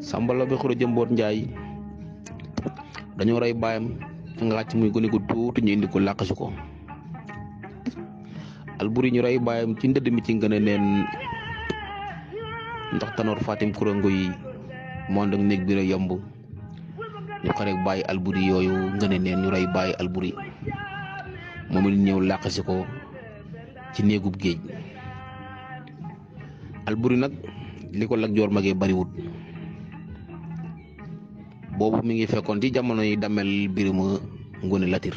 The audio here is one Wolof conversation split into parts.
Samba Laobé Khouré Jëmboot Njaay dañoo rey baayam nga xàcc muy gone gu tuuti ñu indi ko làqasi ko Alburi ñu rey baayam ci ndëdd mi ci ngën a neen ndax tanoor Fatim kurango yi moo ndag néeg bi yomb ñu xare bàyyi Alburi yooyu ngën a neen ñu rey bàyyi Alburi moom it ñëw làqasi ko ci néegub géej Alburi nag li ko Lat Joor magee bariwut bobu mi ngi fekkon ci jamono yi damel birima ngone latir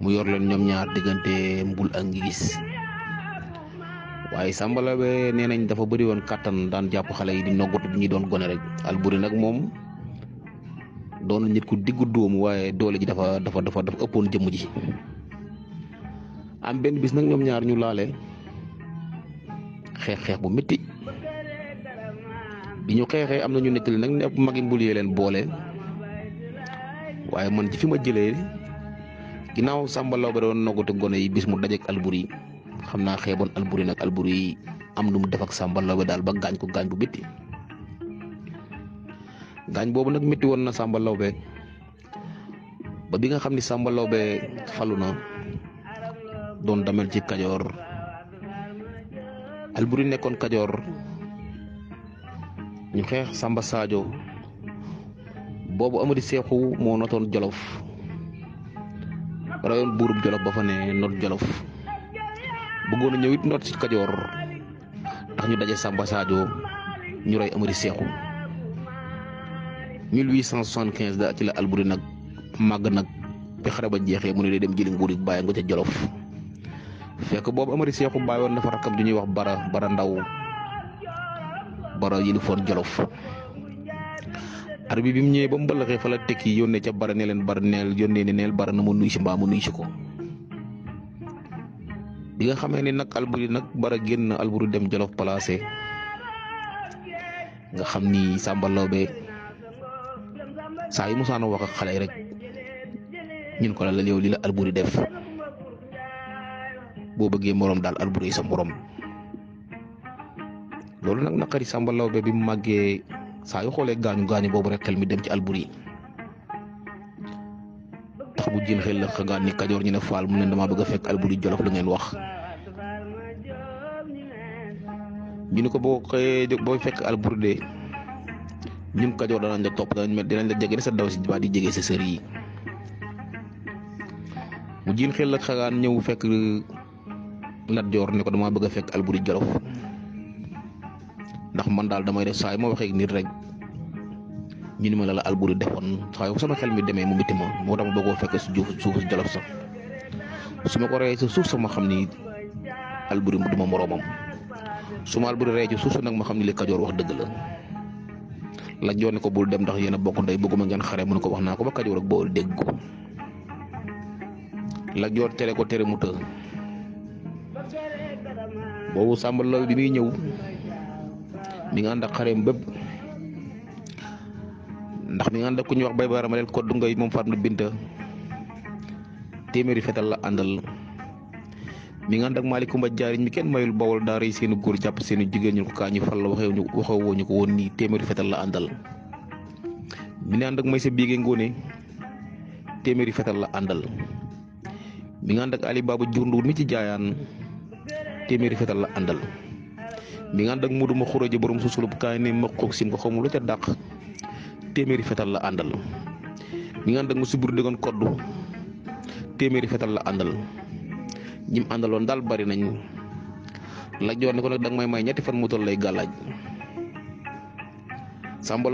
mu yor len ñom ñaar digante mbul ak ngiss waye sambala be nenañ dafa bëri won katan daan japp xalé yi di noggatu bi ñi doon gone rek alburi nak mom doon nit ku diggu doom waye doole ji dafa dafa dafa dafa ëppoon jëm ji am ben bis nak ñom ñaar ñu laale xex xex bu metti bi ñu xeexee am na ñu nettali nag ne magi mbul leen boole waaye man ci fi ma jëlee ginnaaw Samba Laobé doon gone yi bis mu dajeek Alboury xam naa xeeboon Alboury nag Alboury am lu mu def ak Samba daal ba gaañ ko gaañ bu métti gaañ boobu nag métti woon na Samba Laobé ba bi nga xam ni Samba Laobé falu na doon damel ci Kajoor Alboury nekkoon Kajoor. ñu xeex Samba Sadio boobu monoton Seexu moo notoon Jolof rayon buurub Jolof ba fa ne not Jolof bëggoon a sambasajo nyurai noot ci Kajoor tax ñu daje Samba Sadio ñu rey amadi Seexu 1875 da ci la Alburi nag màgg nag bi xare ba jeexee mu ne day dem jëli nguur yi bàyyi nga ca Jolof fekk boobu amadi Seexu bàyyoon na fa rakam ju ñuy wax bara bara ndaw baro yi lifon jolof arbi bim ñewé ba mu fa la tekki yonne ca bara ne leen bara neel yónnee ne neel bara na ma nuy ci mbaa mu nuy ci ko bi nga xamee alburi nak bara genn dem jolof placé nga xamni ni sàmba say musa yu wax ak xalé rek ñun ko la la yow lila alburi def bo morom alburi sa morom loolu nak nakari Samba Lawbe bi magge sa saa yu xoolee gañu gaañu boobu rek xel mi dem ci alburi tax bu jël xel la xagaan ni kadior ñu ne faal mu ne dama bëgg fekk alburi jollof la ngeen wax ñu ne ko bo xey bo fekk alburi de ñun da danañ la topp danañ mel dinañ la jégué sa daw ci ba di jégué sa sœur yi mu jël xel la xagaan ñew fekk nat Joor ne ko dama bëgg fekk alburi jollof ndax man dal damay def saay ma waxe nit rek ñu ni ma la la alburi defoon saay sama xel mi demé mu miti mo moo tax ma fekk si juuf suuf si jolof sax su ma ko reyee si suuf sama xamni xam mu duma moromam ma moroomam su ma alburi reyee ci suuf nak ma xamni ni li kajoor wax deug la la joone ko bul dem ndax yena bokku bokk ndey bëgguma ngeen xare mu ko wax naa ko ba kajoor ak bool dégg la jor téré ko téré mu të boobu sambal la bi mi ñew mi nga ànd xarem xareem ndax mi nga ànd ku ñu wax bay baarama leen koddu ngay mom faat na binta téméri fétal la andal mi nga ànd malikum ba jaariñ mi kenn mayul bawol daari seen seeni japp seen jigeen ñu ko ka ñu fal waxe ñu waxew woo ñu ko won ni téméri fétal la andal mi nga may sa biige ngone téméri fétal la andal mi nga ali babu mi ci jaayan téméri fétal la andal bi nga ak mudu ma borom susulub kaay ne makko sin ko xamul lu ca dàq téeméeri fetal la andal bi nga ànd ak mu subur déggoon koddu temeri fetal la andal ñim andalon dal bari nañ la jor ne ko nak danga may may ñetti fan mu tol lay galaj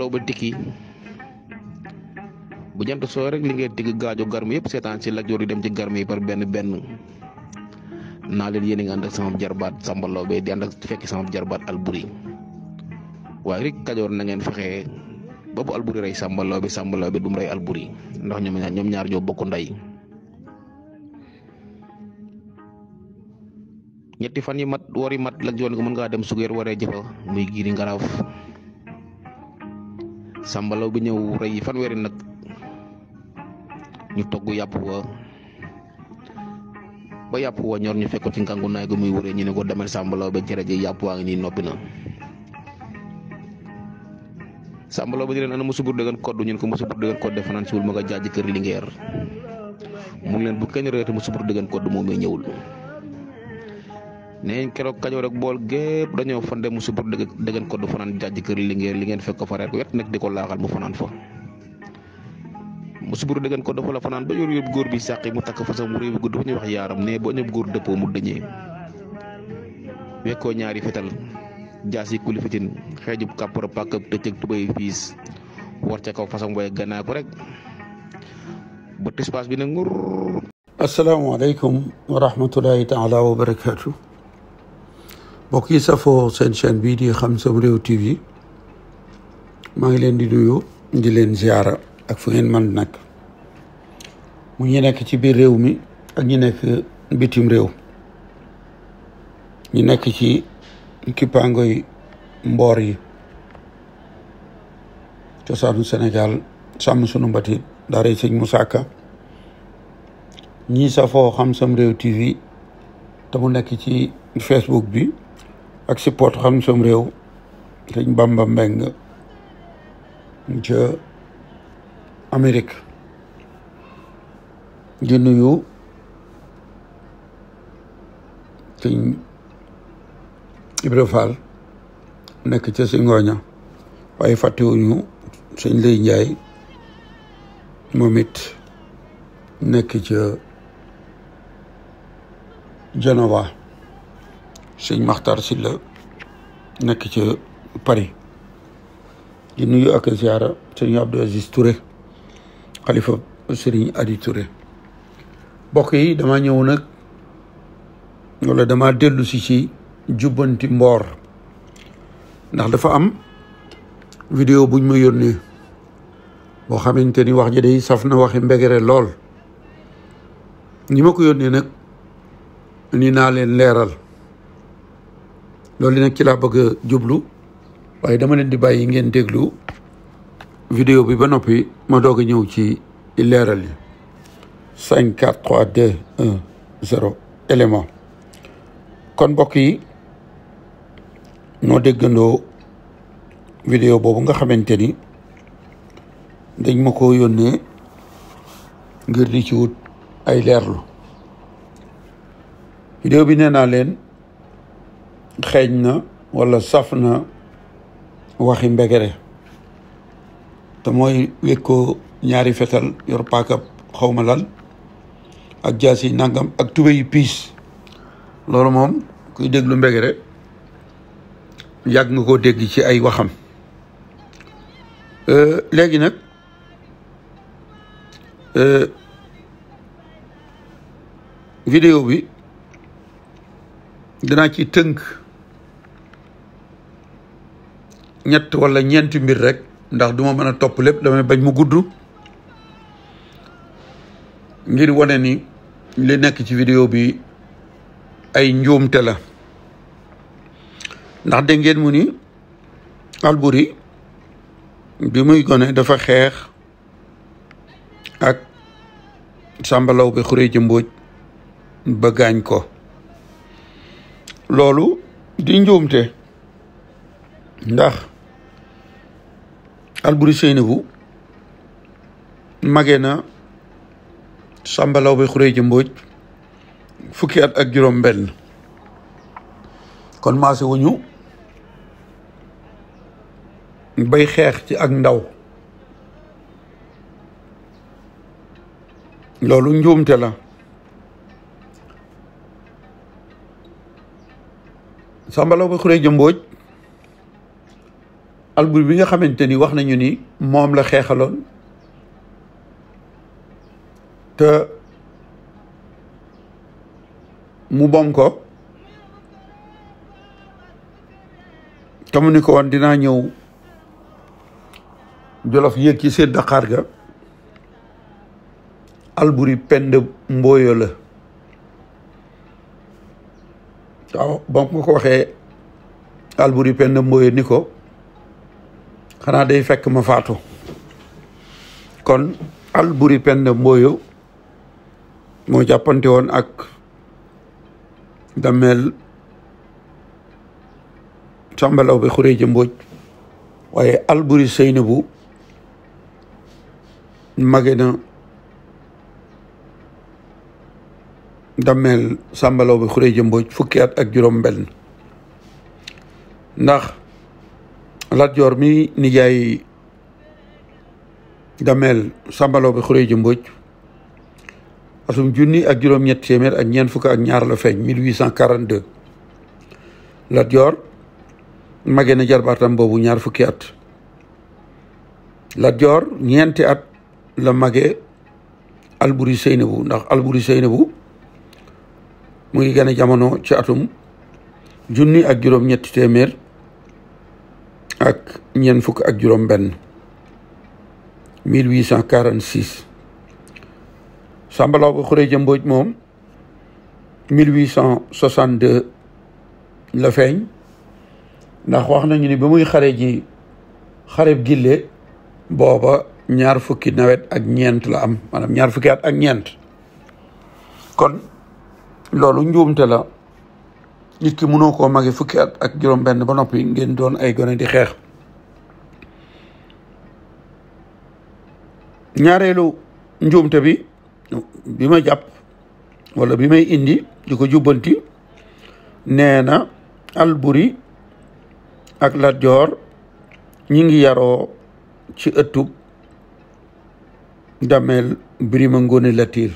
ba tikki bu jant so rek li ngay tigg gaajo garmi yep ya, setan ci la dem ci garmi par ben ben na leen yéen a ngi ànd ak sama jarbaat Samba di ànd ak fekk sama jarbaat Alboury waaye rek Kajoor na ngeen fexe ba bu sambal rey Samba Laobé Samba Laobé du mu rey Alboury ndax ñoom ñaar ñoom ñaar ñoo bokk ndey. ñetti fan yi mat wari mat lak joon ko mën ngaa dem sugeer waree jëfa muy giri ngaraaf Samba Laobé bi ñëw rey fanweeri nag ñu togg yàpp wa ba yap wa ñor ñu fekk ko ci nkangu naay gu muy jei ñu ne ko demel sàmbalaw ba ci dengan yap waangi ni nopi na sàmbalaw ba di len ana bur degan koddu ñun ko musubur dëggan kodd ci wul ma nga keur li ngeer mu ngi len bu kenn ya, reete degan koddu mo may ñewul neen rek bol dañoo fande musu bur degan koddu fanan jaaji keur li ngeen fekk fa rek wet ya, nak diko mu fanan fa musuburu degan ko dofa la fanan ba yor yóbbu góor bi saqi mu fa sa mu gudd guddu ñu wax yaaram ne bo ñep gor depo mu dëñee wekko ñaari fetal jasi kulifatin xejub kapor pak ak tecc tubay fiis war ca kaw fasam way gannaa ko rek ba tispaas bi na ngur alaykum wa rahmatullahi taala wa barakatuh mbokk yi fo sen chaîne bi di Xam sa Réew TV ma ngi len di nuyu di len ziarah ak fu ngeen mën nekk mu ñu nekk ci biir réew mi ak ñu nekk bitim réew ñu nekk ci kippaangoy mboor yi cosaanu Sénégal sàmm sunu mbati daara sëñ Moussa Ka ñii safoo xam sam réew TV te mu nekk ci Facebook bi ak support xam sam réew sëñ Bamba Mbeng ca Amérique di nuyu sëñ Ibra Fall nekk ca si ngooña waaye fàttewuñu sëñ Lay Njaay momit nekk ca Genova sëñ Maxtar Silla nekk ca Paris di nuyu ak ziara sëñ Abdou Aziz xalifa sëriñ Adi Touré mbokk yi dama ñëw nag wala dama dellu si ci jubbanti mboor ndax dafa am vidéo buñ ma yónnee boo xamante ni wax ji day saf na waxi mbegere lool ñi ma ko yónnee nag ni naa leen leeral loolu nag ci laa bëgg jublu waaye dama leen di bàyyi ngeen déglu vidéo bi ba noppi ma doog a ñëw ci leeral yi cinq quatre trois deux un kon mbokk yi noo déggandoo vidéo boobu nga xamante ni dañ ma ko yónnee ngir di ci wut ay leerlu vidéo bi nee naa leen xeeñ na wala saf na waxi mbegere te mooy wekkoo ñaari fetal yor paakab xawma lan ak jaas nangam ak tube yu piis loolu moom kuy déglu Mbéguéré yàgg nga ko dégg ci ay waxam euh, léegi nag euh, vidéo bi danaa ci tënk ñett walla ñeenti mbir rek ndax duma mën a topp lépp damay bañ mu gudd ngir wane ni li nekk ci vidéo bi ay njuumte la ndax dégg ngeen mu ni Alburi bi muy gone dafa xeex ak sàmbalaw bi xuree ji mbóoj ba gaañ ko loolu di njuumte ndax Alboury Seynabou magee na Samba Laobé Khourédia Mbodj fukki at ak juróom benn kon maase wuñu bay xeex ci ak ndaw loolu njuumte la Samba Laobé Khourédia Mbodj Alboury bi nga xamante ni wax nañu ni moom la xeexaloon te mu bom ko te mu ni ko woon dinaa ñëw jolof yéeg ci seen daqaar ga Alboury pend mbooyo la waaw ba ko waxee Alboury pend mbooyo ni ko xana day fekk ma faatu kon al Alburi Penda Mboyo moo jàppante woon ak dameel sàmbalaw bi xureeja mbooj waaye Alburi Seynabu mage na dameel sàmbalaw bi xureeja mbooj fukki at ak juróom benn ndax Lat Joor mi nijaay Dameel Sàmbaloo bi Xuree ji mboj atum junni ak juróom-ñett téeméer ak ñeent fukk ak ñaar la feeñ 1842 Lat Joor magee na jarbaatam boobu ñaar fukki at Lat Joor ñeenti at la magee Alburi Seynabu ndax Alburi Seynabu mu ngi gën a jamono ci atum junni ak juróom-ñetti téeméer ak ñeent fukk ak juróom benn 1846 Sambalaw ba Xureja Mbooj moom 1862 la feeñ ndax wax nañu ni ba muy xare ji xareb gille booba ñaar fukki nawet ak ñeent la am maanaam ñaar fukki at ak ñeent kon loolu njuumte la nit ki mënoo koo magi fukki at ak juróom-benn ba noppi ngeen doon ay gone di xeex ñaareelu njuumte bi bi ma jàpp wala bi may indi di ko jubbanti nee na Alburi ak lajoor Joor ngi yaroo ci ëttub dameel Birima Ngóone Latiir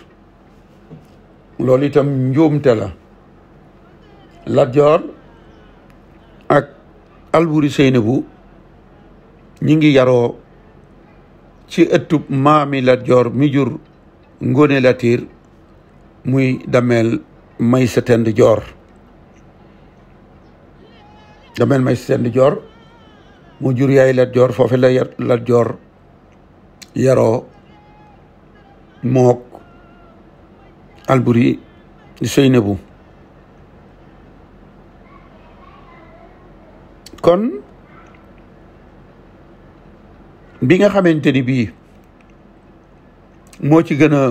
loolu itam njuumte la Lat ak Alburi Seynabu ñi ngi yaroo ci ëttub maami Lat Joor mi jur Ngoone Latiir muy dameel may sa tend joor dameel may sa tend joor mu jur yaay Lat Joor foofu la Lat Joor yaroo mook Alburi Seynabu kon bi nga xamante ni bii moo ci gën a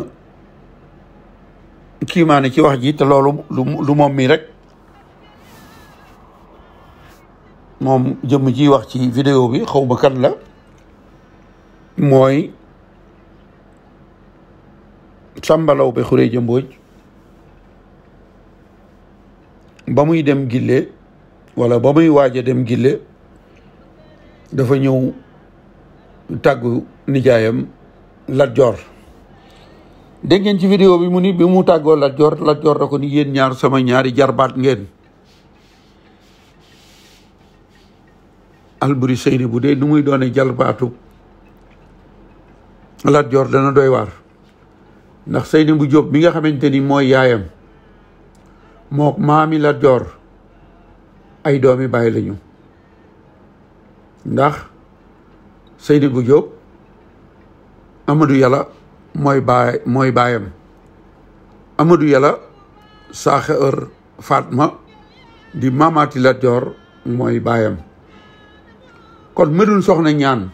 kiimaane ci wax ji te loolu lu moom mi rek moom jëmm ji wax ci vidéo bi xaw ma kan la mooy sàmbalaw ba xuree jëmbooj ba muy dem gille wala ba muy waaj dem gille dafa ñëw tàggu nijaayam Lat Joor dégg ngeen ci vidéo bi mu ni bi mu tàggoo Lat Joor Lat da ko ni yéen ñaar sama ñaari jarbaat ngeen Alburi Seyni bu dee nu muy doone jarbaatu dana doy waar ndax Seyni bu Jóob mi nga xamante ni mooy yaayam maami lajor jor ay doomi bàyyi lañu ndax Seydi bu Jóob Amadou Yàlla mooy baay mooy baayam amadu Yàlla saaxe ër Fatma di maamaati Lat Joor mooy baayam kon Médoune Soxna Ñaan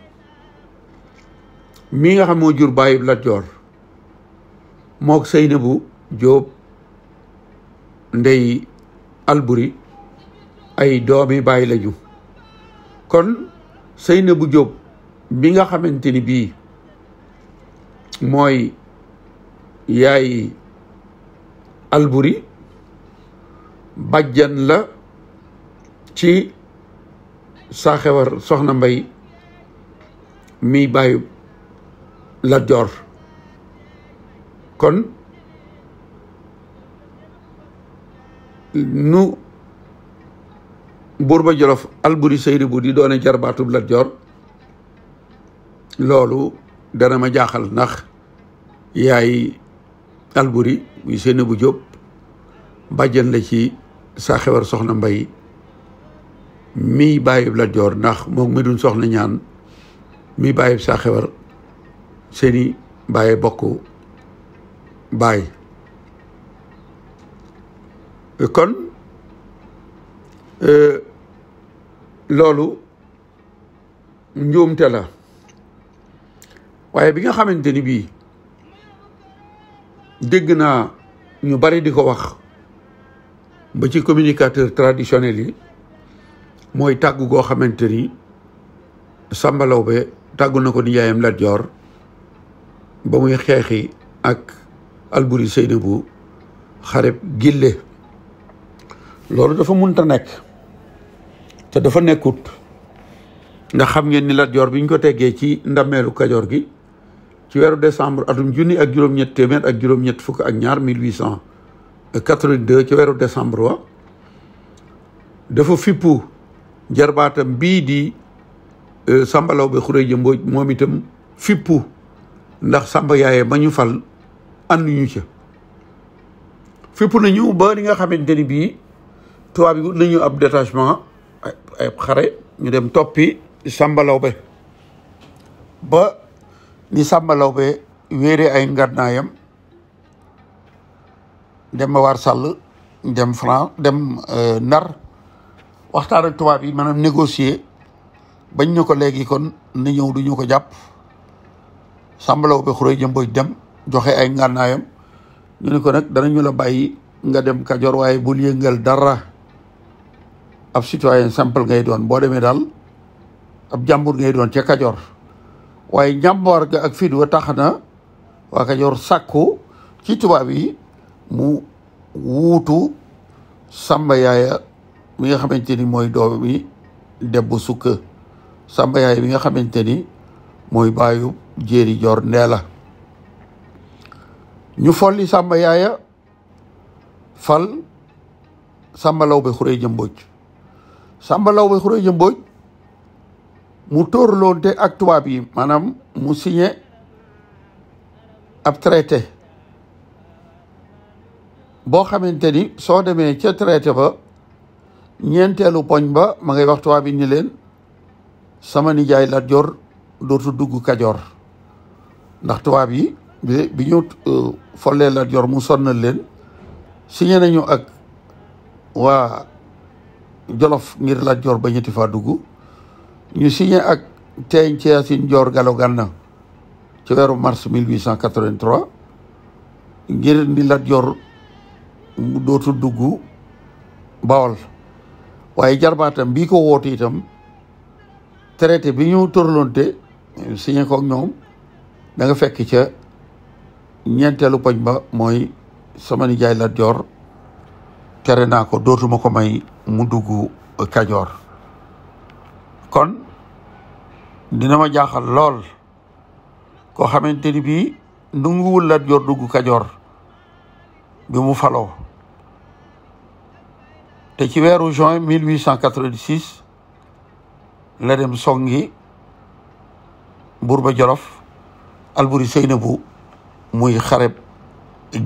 mii nga xam moo jur bàyyi Lat Joor mook bu Jóob ndey Alburi ay doomi bàyyi lañu kon Seynabou Diop bi nga xamante ni bii mooy yaay Alboury bàjjan la ci saaxewar soxna mbay mi bàyyu la joor kon nu buur ba jolof alburi seyri bu di doone jarbaatub Lat Joor loolu dana ma jaaxal ndax yaay alburi muy seeni bu jóob bàjjan la ci saa xewar soxna mbay mi bàyyib Lat ndax moom mi duñ soxna ñaan mii bàyyib saa xewar seeni bàyyi bokk bàyyi kon euh, loolu njuumte la waaye bi nga xamante ni bii dégg naa ñu bari di ko wax ba ci communicateur traditionnel yi mooy tàggu goo xamante ni Samba tàggu na ko nijaayam Lat Joor ba muy xeexi ak Alburi bu xareb gille loolu dafa munta nekk te dafa nekkut nga xam ngeen ni Lat Joor bi ñu ko teggee ci ndameelu kajoor gi ci weeru décembre atum junni ak juróom-ñett téeméer ak juróom-ñett fukk ak ñaar ci weeru décembre wa dafa fippu jarbaatam bii di euh, sàmbalaw ba xuré jëmbooj moom itam fippu ndax sàmba yaaye ma ñu fal ànduñu ca fippu nañu ba ni nga xamante ni bii tubaab bi wut nañu ab détachement ay xare ñu dem toppi Samba Lawbe ba ni Samba Lawbe wéere ay ngannaayam dem ba war sàll dem France dem euh, Ndar waxtaan ak tubaab yi maanaam négocier bañ ñu ko léegi kon na ñëw du ñu ko jàpp Samba Lawbe Xuree Jëmbooj dem joxe ay ngannaayam ñu ne ko nag danañu la bàyyi nga dem Kajoor waaye bul yëngal dara ab citoyen simple ngay doon boo demee daal ab jàmbur ngay doon ca Kajoor waaye njàmboor ga ak fit wa tax na waa Kajoor sàkku ci tubaab yi mu wuutu Samba Yaaya mi nga xamante ni mooy doomi Debbu Sukka Samba Yaaya mi nga xamante ni mooy baayu Jéeri Joor Ndeela ñu folli Samba Yaaya fal Samba Lawbe Xuree Jëmbooj Samba Law ba Xuree Jëmbooj mu tóorloonte ak tuwaab yi maanaam mu signé ab traité boo xamante ni soo demee ca traité ba ñeenteelu poñ ba ma ngay wax tubaab yi ni leen sama nijaay Lat Joor dootu dugg Kajoor ndax tubaab yi bi ñu euh, follee Lat Joor mu sonnal leen signé nañu ak waa Jolof ngir Lat Joor ba ñetti faa dugg ñu signé ak Teeñ Ceyaasin Joor Galo Gànna ci weeru mars 1883 ngir ni Lat Joor mu dootul dugg Bawol waaye jarbaatam bii ko woote itam traité bi ñu tërloonte signe kook ak ñoom da nga fekk ca ñeenteelu poñ ba mooy sama nijaay Lat Joor tere naa ko dootuma ko may mu duggu Kajoor kon dina ma jaaxal lool koo xamante ni bii nanguwul Lat Joor dugg Kajoor bi mu falo te ci weeru juin 1886 la dem songi Buurba Jolof Alburi Seynabu muy xareb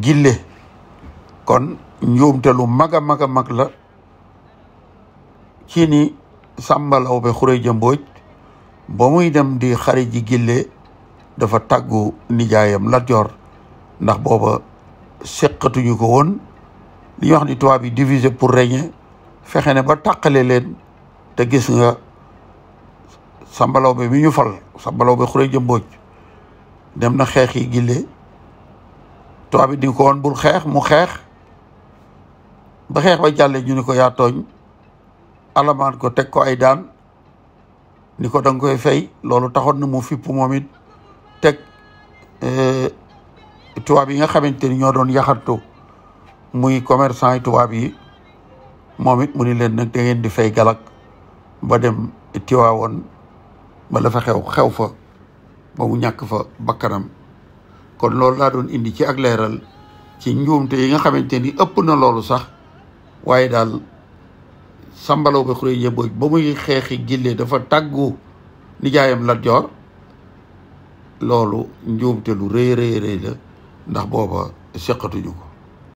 gille kon njuumte lu mag a mag mag la ci ni Samba Laobé Khoureyja Mbodj ba muy dem di xari ji gille dafa tàggu nijaayam Lat yor ndax booba seqatuñu ko woon li ñuy wax ni tubaab yi diviser pour régner fexe ne ba tàqale leen te gis nga Samba Laobé mi ñu fal Samba Laobé Khoureyja Mbodj dem na xeex yi gille tubaab yi di ko woon bul xeex mu xeex ba xeex ba jàllee ñu ni ko yaa tooñ alamaan ko teg ko ay daan ni ko danga koy fay loolu taxoon na mu fipp moom it teg eh, tubaab yi nga xamante ni ñoo doon yaxantu muy commerçant yi tubaab yi moom it mu ni leen nag di fay galak ba dem tiwaawoon ba la xew xew fa ba mu ñàkk fa bakkanam kon loolu laa doon indi ci ak leeral ci njuumte yi nga xamante ni ëpp na loolu sax waaye daal sambalaw ba xuree jëmbooj ba muy xeexi gille dafa tàggu nijaayam Lat Joor loolu njuumte lu rëy rëy rëy ndax booba seqatuñu ko